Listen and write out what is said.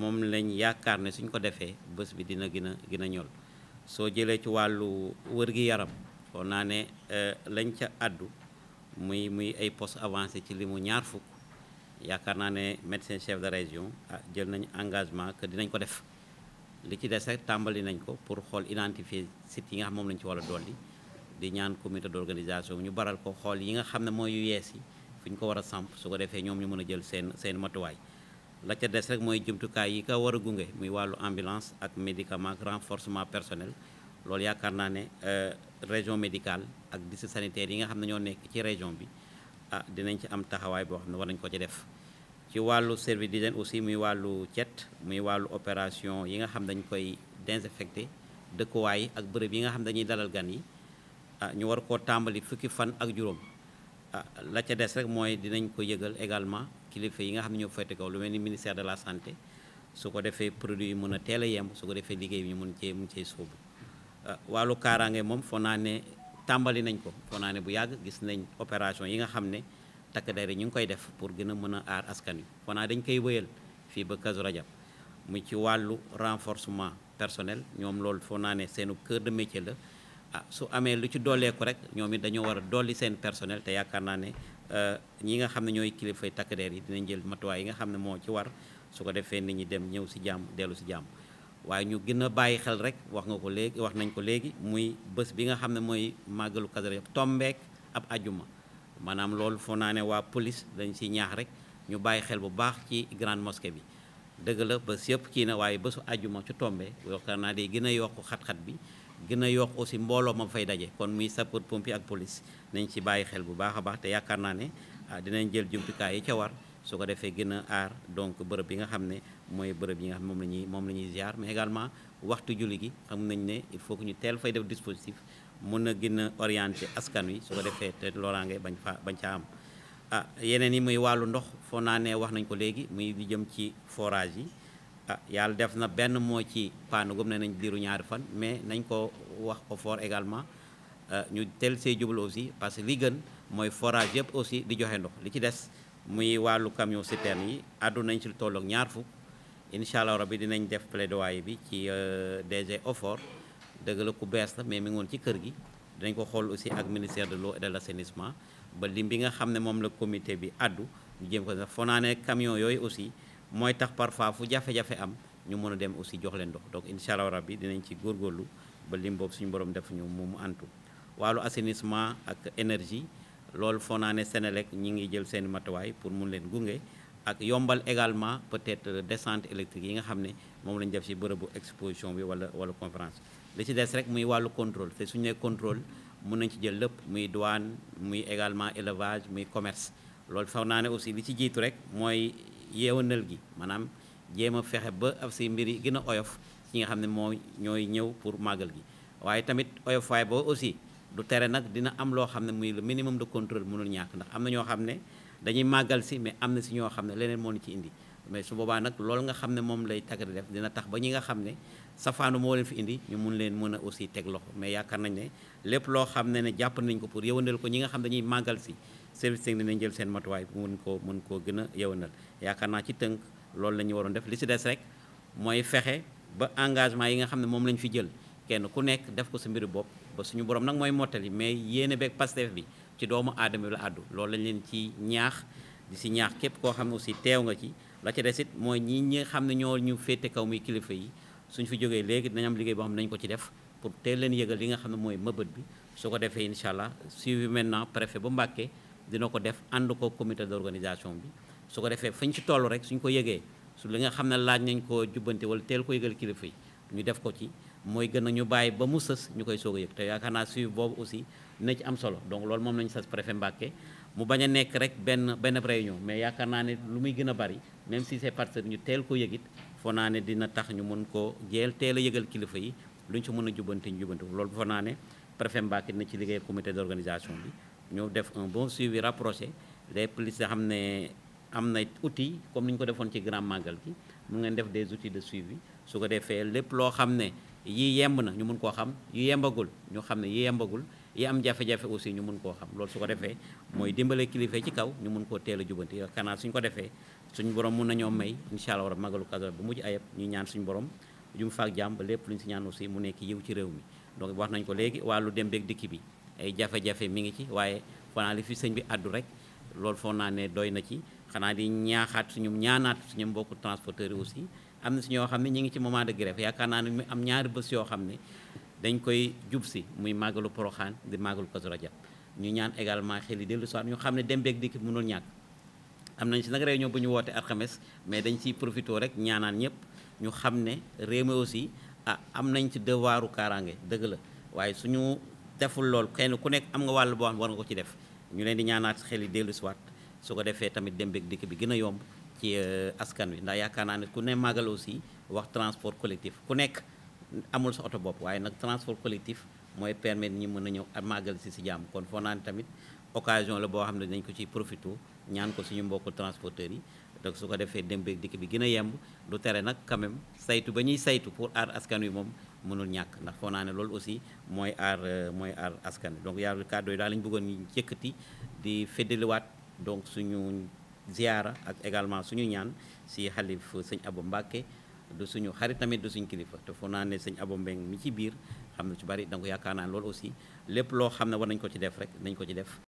moom lañ yaakaar ne suñ ko defee bés bi dina gën a gën a ñol soo jëlee ci wàllu wër gi yaram foog naa ne eh, lañ ca àddu muy muy ay poste avancé ci li mu ñaar fukk yaakaar naa ne médecin chef de région ah, jël nañu engagement que dinañ ko def li ci des rek tàmbali nañ ko pour xool identifier sites yi nga xam moom lañ ci war a dolli di ñaan comité d'organisation ñu baral ko xool yi nga xam ne mooy yu yees yi fi ñu ko war a samp su ko defee ñoom ñu mën a jël seen seen matuwaay la ca des rek mooy jumtukaay yi ko war a gunge muy wàllu ambulance ak médicament renforcement personnel loolu yaakaar naa ne euh, région médicale ak district sanitaire yi nga xam ne ñoo nekk ci région bi ah dinañ ci am taxawaay boo xam ne war nañ ko ci def ci wàllu service d'hygiène aussi muy wàllu cet muy wàllu opération yi nga xam dañ koy désinfecté dëkkuwaay ak bërëb yi nga xam ne dañuy dalal gan yi ah ñu war koo tàmbali fukki fan ak juróom ah la ca des rek mooy dinañ ko yëgal également kilifa yi nga xam ne ñoo féete kaw lu mel ni ministère de la santé su ko defee produit yi mën a teel a yemb su ko defee liggéey bi ñu mun cee mun cee sóobu euh, wàllu kaaraange moom foo naa ne tàmbali nañ ko foo naa ne bu yàgg gis nañ opération yi nga xam ne takk der ñu ngi koy def pour gën a mën a aar askan wi foo naa dañ koy wëyal fii ba Kazu Rajab mu ci wàllu renforcement personnel ñoom loolu foo naa ne seenu kër de métier la ah su amee lu ci dooleeku rek ñoom it dañoo war a dolli seen personnel te yaakaar naa ne Euh, ñi nga xam ne ñooy kilifay takk der yi dinañ jël matuwaay yi nga xam ne moo ci war su ko defee nit ñi dem ñëw si jàmm dellu si jàmm waaye ñu gën a bàyyi xel rek wax nga ko léegi wax nañ ko léegi muy bés bi nga xam ne mooy màggalu Kazu Rajab tombeek ab ajuma maanaam loolu foo naa ne waa polis dañ siy ñaax rek ñu bàyyi xel bu baax ci grande mosquée bi dëgg la bés yëpp kii na waaye bésu ajuma su tombe yaakaar naa day gën a yokk xat-xat bi gën a yokk aussi mbooloo ma fay daje kon muy sapeur pompier ak police nañ ci bàyyi xel bu baax a baax te yaakaar naa ne ah, dinañ jël jumtukaay yi ca war su ko defee gën a aar donc bërëb bi nga xam ne mooy bërëb yi nga xam moom la ñuy moom la ñuy ziar mais également waxtu julli gi xam nañ ne il faut que ñu teel fay def dispositif mun a gën a orienté askan wi su ko defee te loraange bañ fa bañ ca am ah yeneen yi muy wàllu ndox foo naa ne wax nañ ko léegi muy di jëm ci forage yi ah yàlla def na benn moo ci paanugum ne nañ diiru ñaari fan mais nañ ko wax ko fort également ah, ñu tel see jublu aussi parce que li gën mooy forage yëpp aussi di joxe ndox li ci des muy wàllu camion citerne yi àddu nañ ci lu ñaar fukk incha allah rabi dinañ def plaidoyer bi ci euh, DG OFOR dëgg la ku bees la mais mi ngi woon ci kër gi dañ ko xool aussi ak ministère de l'eau de la l'assainissement ba lim bi nga xam ne moom la comité bi àddu ñu camion yooyu aussi mooy tax parfois fu jafe-jafe am ñu mën a dem aussi jox leen ndox donc incha allah rabbi dinañ ci góorgóorlu ba lim boobu suñu borom def ñu mu antu wàllu assainissement ak énergie loolu foo naa ne Sénélec ñi ngi jël seen matuwaay pour mun leen gunge ak yombal également peut-être descente électrique yi nga xam ne moom lañ def ci bërëbu exposition bi wala wala conférence li ci des rek muy wàllu contrôle te suñu nee contrôle mun nañ ci jël lépp muy douane muy également élevage muy commerce loolu foog naa ne aussi li ci jiitu rek mooy yeewanal gi maanaam jéem a fexe ba af si mbir yi gën a oyof ci nga xam ne moo ñooy ñëw pour màggal gi waaye tamit oyofaay boo aussi du tere nag dina am loo xam ne muy le minimum de contrôle munul ñàkk ndax am na ñoo xam ne dañuy màggal si mais am na si ñoo xam ne leneen moo ñu ci indi mais su boobaa nag loolu nga xam ne moom lay tagg def dina tax ba ñi nga xam ne safaanu moo leen fi indi ñu mun leen mën a aussi teg loxo mais yaakaar nañ ne lépp loo xam ne ne jàpp nañ ko pour yëwandal ko ñi nga xam dañuy màggal si service technique nañ jël seen matuwaay bu mun koo mun koo gën a yewanal yaakaar naa ci tënk loolu lañuy waroon def li si des rek mooy fexe ba engagement yi nga xam ne moom la ñu fi jël kenn ku nekk def ko sa mbiru bopp ba suñu borom nag mooy mottali mais yéene beeg Pastef bi ci doomu aadama bi la àddu loolu lañ leen ci ñaax di si ñaax képp koo xam ne aussi teew nga ci la ca des it mooy ñi ñi xam ne ñoo ñu féete kaw muy kilifa yi suñu fi jógee léegi dinañ am liggéey boo xam ne nañu ko ci def pour teel leen yëgal li nga xam ne mooy mëbët bi su ko defee incha allah maintenant préfet bu Mbàkke dina ko def ànd ko comité d'organisation bi su ko defee fañ ci toll rek suñ ko yëgee su li nga xam ne laaj nañ ko jubbante wala teel ko yëgal kilifa yi ñu def ko ci mooy gën a ñu bàyyi ba mu sës ñu koy soog a yëg te yaakaar naa suivi boobu aussi dina ci am solo donc loolu moom lañu sas préfet Mbacké mu bañ a nekk rek benn benn réunion mais yaakaar naa ne lu muy gën a bari même si c'est parce que ñu teel ko yëgit foo naa ne dina tax ñu mën ko jeel teel a yëgal kilifa yi lu ci mën a jubbante ñu loolu foo naa ne préfet Mbacké dina ci liggéey comité d'organisation bi ñu def un bon suivi rapproché lu police xam ne am na outil comme ni ñu ko defoon ci grand màggal gi mu ngeen def des outils de suivi su ko defee lépp loo xam ne yi yemb na ñu mun koo xam yi yembagul ñu xam ne yi yembagul yi am jafe-jafe aussi ñu mun koo xam loolu su ko defee mooy dimbale kilifa ci kaw ñu mun koo teel a jubanti kanaa suñ ko defee suñ borom mun nañoo may incha allah magalu a bu mujj ayeb ñu ñaan suñu borom jum faak jàmm ba lépp luñ si ñaan aussi mu nekk yiw ci réew mi donc wax nañ ko léegi wàllu dem beeg dikki bi ay jafe-jafe mi ngi ci waaye fanaa li fi sëñ bi àddu rek loolu foog naa ne doy na ci xanaa di ñaaxaat suñu ñaanaat suñu mbokku transporteurs yi aussi am na si ñoo xam ne ñu ngi ci moment de grève yaakaar naa ne am ñaari bés yoo xam ne dañ koy jub si muy màggalu Poroxaan di màggalu Kazu Rajab ñu ñaan également xel yi dellu si ñu xam ne dem beeg dikk mënul ñàkk am nañ si nag réunion bu ñu woote alxames mais dañ siy rek ñaanaan ñëpp ñu xam ne réew mi aussi ah am nañ ci devoiru kaaraange dëgg la waaye suñu deful lool kenn ku nekk am nga wàll boo xam war nga ko ci def ñu leen di ñaanaat xel yi dellu si waat su ko defee tamit dem beeg dikk bi gën a yomb ci euh, askan wi ndax yaakaar naa ne ku ne màggal aussi wax transport collectif ku nekk amul sa oto bopp waaye nag transport collectif mooy permettre ñi mën na ñëw màggal si si jàmm kon foo naa ne tamit occasion la boo xam ne dañ ko ciy profité ñaan ko suñu mbokku transporteurs yi donc su ko defee dem beeg dikk bi gën a yemb du tere nag quand saytu ba ñuy saytu pour aar askan wi moom mënul ñàkk ndax foo naa ne loolu aussi mooy aar euh, mooy aar askan wi donc yaaru kàddu yi daal lañu bëggoon yëkkati di feddaliwaat donc suñu ziyaara ak également suñu ñaan si xalif sëñ Abo Mbàkke du suñu xarit tamit du suñu kilifa te foo naa ne sëñ Abo Mbeng mi ci biir xam na ci bari donc yaakaar naa loolu aussi lépp loo xam ne war nañ ko ci def rek nañ ko ci def